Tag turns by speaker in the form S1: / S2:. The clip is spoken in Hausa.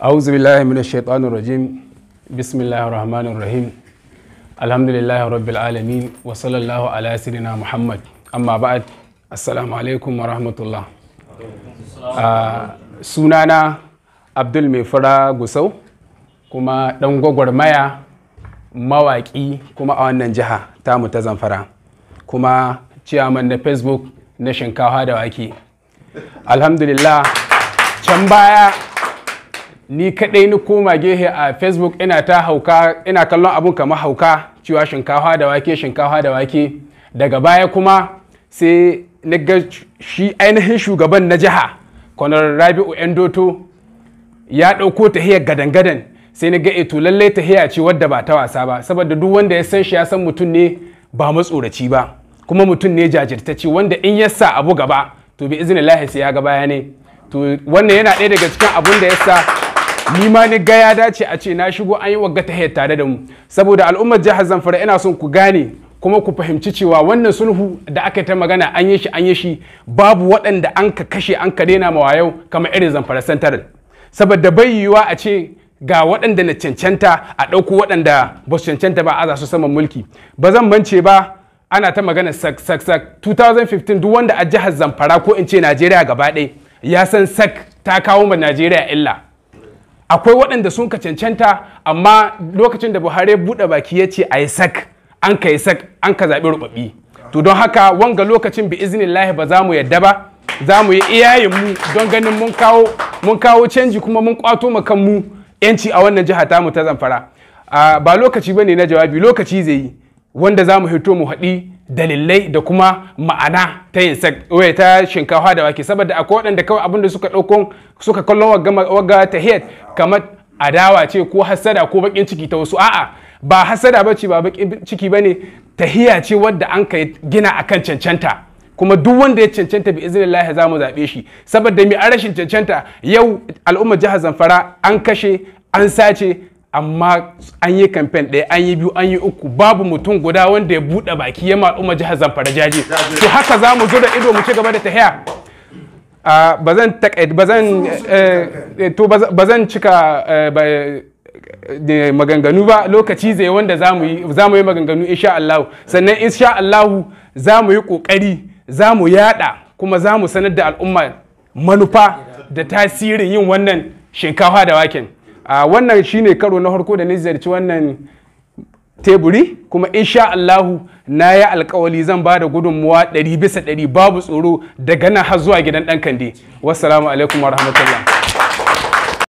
S1: A'aunzu biIlahi munis shait wani rajim. Bisimilalai rahmanir rahim. Alhamdulilahi rabbi'u alamin wassani lahu a lasirina muhammad. Amma abu'ad asalaamu alaikum wa rahmatulah. Suna na Abdul mai fara gusau kuma ɗan gwagwarmaya mawaƙi kuma a wannan jiha ta mu ta zan kuma ci na facebook na shinkawa da waƙi alhamdulillah can baya. ni kaɗai ni koma gehe a facebook ina ta hauka ina kallon abun kamar hauka cewa shinkafa da wake shinkafa da wake daga baya kuma sai na ga shi ainihin shugaban na jiha kwanar rabi'u yan doto ya ɗauko tahiyar gadan-gadan sai na ga eto eh, lallai tahiya ce wadda ba ta wasa ba saboda duk wanda ya san shi ya san mutum ne ba matsoraci ba kuma mutum ne jajirtacce wanda in ya sa abu gaba to bi izinin lahi ya gaba ya ne to wannan yana ɗaya daga cikin abun da ya sa ni ma ni ga ya dace a ce na shigo an yi wagga tare da mu saboda al'ummar jihar zamfara ina son ku gane kuma ku fahimci cewa wannan sulhu da aka ta magana an yi shi an yi shi babu waɗanda an ka kashe an ka daina mawa yau kamar irin zamfara central saboda bai yiwuwa a ce ga waɗanda na cancanta a ɗauko waɗanda ba su cancanta ba a za su saman mulki ba zan mance ba ana ta magana sak sak sak 2015 duk wanda a jihar zamfara ko in ce najeriya gaba ɗaya ya san sak ta kawo ma najeriya illa akwai waɗanda sun ka cancanta amma lokacin da buhari buɗe baki ya ce a yi sak an ka yi an ka zaɓi ruɓaɓi to don haka wanga lokacin bi lahi ba za mu yadda ba za mu yi iyayen mu don ganin mun kawo canji kuma mun kwato ma kanmu yanci a wannan jiha tamu ta zamfara ah, ba lokaci ba ne na jawabi lokaci zai yi wanda za mu hito mu haɗi dalilai da kuma ma'ana ta yin ta shinkafa da wake saboda akwai waɗanda kawai abin da suka ɗauko suka kallon waga ta hiyat kamar adawa ce ko hasada ko bakin ciki ta wasu a'a ba hasada ba ce ba bakin ciki bane tahiya ce wadda an ka gina kan cancanta kuma duk wanda ya cancanta bi iznillahi za mu zaɓe shi saboda mai an rashin cancanta yau al'ummar jihar zamfara an kashe an sace amma an yi kamfen ɗaya an yi biyu an yi uku babu mutum guda wanda ya buɗe baki ya al'umma jihar zamfara jaji to haka za mu zo da ido mu ci gaba da tahiya ba zan cika eh, maganganu ba lokaci zai wanda za mu yi maganganu insha Allah sannan insha Allah za mu yi kokari za mu yada kuma za mu sanar da al'umma manufa da tasirin yin wannan shinkafa da waken wannan shine karo na harko da na ziyarci wannan teburi kuma insha Allahu na yi alkawali zan ba da gudunmuwa ɗari bisa ɗari babu tsoro daga nan har zuwa gidan ɗan kande wassalamu alaikum wa rahmatullah